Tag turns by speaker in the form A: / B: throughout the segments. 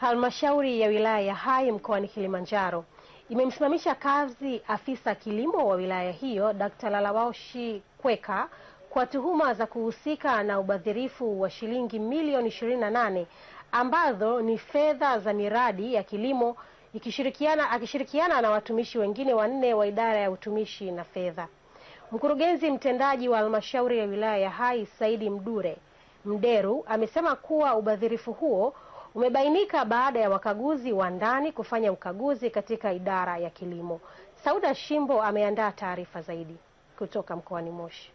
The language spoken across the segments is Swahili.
A: Halmashauri ya wilaya ya Hai mkoani Kilimanjaro imemsimamisha kazi afisa kilimo wa wilaya hiyo Dkt. Lalawashi Kweka kwa tuhuma za kuhusika na ubadhirifu wa shilingi milioni 28 ambazo ni fedha za miradi ya kilimo ikishirikiana, akishirikiana na watumishi wengine wanne wa idara ya utumishi na fedha. Mkurugenzi mtendaji wa halmashauri ya wilaya ya Hai Saidi Mdure Mderu amesema kuwa ubadhirifu huo umebainika baada ya wakaguzi wa ndani kufanya ukaguzi katika idara ya kilimo. Sauda Shimbo ameandaa taarifa zaidi kutoka mkoani Moshi.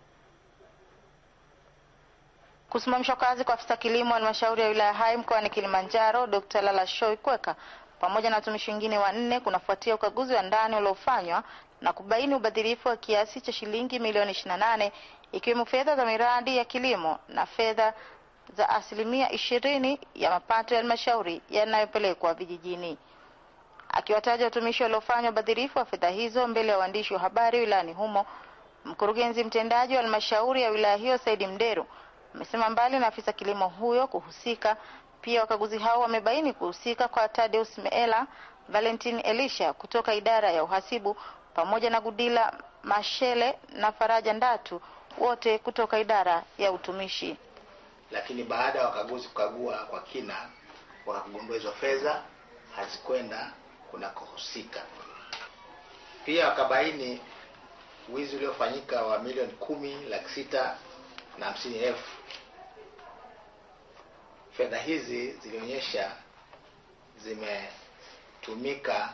B: Kusimamishwa kazi kwa afisa kilimo halmashauri ya wilaya Hai mkoani Kilimanjaro, Dr. Lala Shoi Kweka pamoja na watumishi wengine wanne kunafuatia ukaguzi wa ndani uliofanywa na kubaini ubadhirifu wa kiasi cha shilingi milioni 28 ikiwemo fedha za miradi ya kilimo na fedha za asilimia ishirini ya mapato ya halmashauri yanayopelekwa vijijini. Akiwataja watumishi waliofanywa ubadhirifu wa fedha hizo mbele ya waandishi wa habari wilayani humo, mkurugenzi mtendaji wa halmashauri ya wilaya hiyo Saidi Mderu amesema mbali na afisa kilimo huyo kuhusika, pia wakaguzi hao wamebaini kuhusika kwa Tadeus Meela, Valentin Elisha kutoka idara ya uhasibu pamoja na Gudila Mashele na Faraja Ndatu wote kutoka idara ya utumishi
C: lakini baada ya wakaguzi kukagua kwa kina wakagundua hizo fedha hazikwenda kunakohusika. Pia wakabaini wizi uliofanyika wa milioni kumi laki sita na hamsini elfu. Fedha hizi zilionyesha zimetumika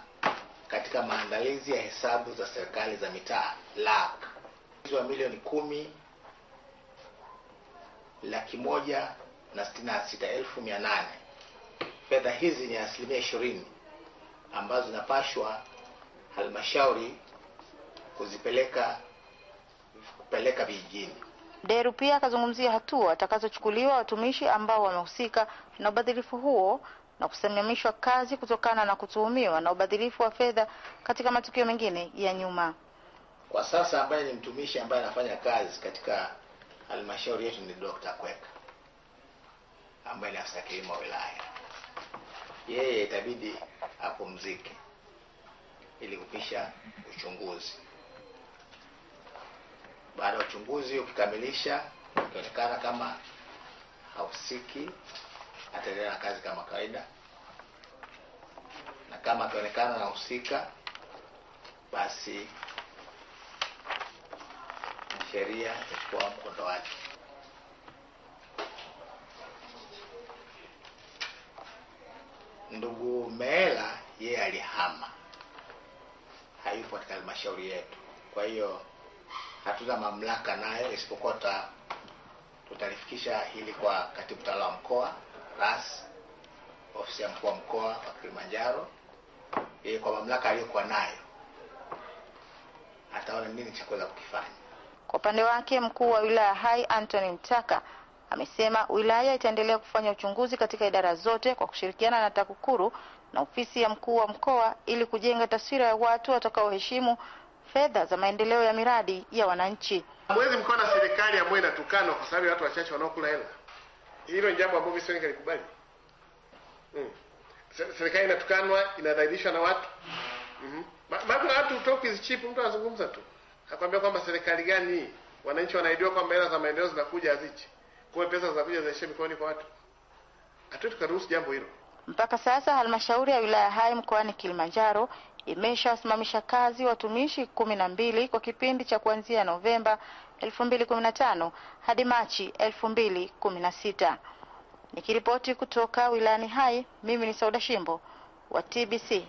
C: katika maandalizi ya hesabu za serikali za mitaa lak Wizi wa milioni kumi laki moja na sitini na sita elfu mia nane. Fedha hizi ni asilimia ishirini ambazo zinapashwa halmashauri kuzipeleka kupeleka vijijini.
B: Deru pia akazungumzia hatua atakazochukuliwa watumishi ambao wamehusika na ubadhirifu huo na kusimamishwa kazi kutokana na kutuhumiwa na ubadhirifu wa fedha katika matukio mengine ya nyuma.
C: Kwa sasa ambaye ni mtumishi ambaye anafanya kazi katika halmashauri yetu ni Dr. Kweka ambaye ni afisa kilimo wilaya. Yeye itabidi apumzike ili kupisha uchunguzi. Baada ya uchunguzi ukikamilisha, ukionekana kama hahusiki, ataendelea na kazi kama kawaida, na kama akionekana anahusika, basi sheria itakuwa mkondo wake. Ndugu Meela yeye alihama, hayupo katika halmashauri yetu, kwa hiyo hatuna mamlaka nayo, isipokuwa tutalifikisha hili kwa katibu tawala wa mkoa RAS, ofisi ya mkuu wa mkoa wa Kilimanjaro. Yeye kwa mamlaka aliyokuwa nayo ataona nini cha kuweza kukifanya.
B: Kwa upande wake mkuu wa wilaya Hai Anthony Mtaka amesema wilaya itaendelea kufanya uchunguzi katika idara zote kwa kushirikiana na TAKUKURU na ofisi ya mkuu wa mkoa ili kujenga taswira ya watu watakaoheshimu fedha za maendeleo ya miradi ya wananchi.
D: Mwezi mkoa na serikali ambayo inatukana kwa sababu watu wachache wanaokula hela, hilo ni jambo ambalo siwezi nikubali. Mm. Serikali inatukanwa, inadhalilishwa na watu. Mhm. Mm. Mambo ya watu talk is cheap, mtu anazungumza tu akwambia kwamba serikali gani? Wananchi wanaidiwa kwamba hela za maendeleo zinakuja azichi kwa pesa zinakuja zinaishia mikononi kwa watu. Hatuwezi tukaruhusu jambo hilo.
A: Mpaka sasa halmashauri ya wilaya Hai mkoani Kilimanjaro imeshawasimamisha kazi watumishi kumi na mbili kwa kipindi cha kuanzia Novemba 2015 hadi Machi 2016. Nikiripoti kutoka wilayani Hai, mimi ni Sauda Shimbo wa TBC.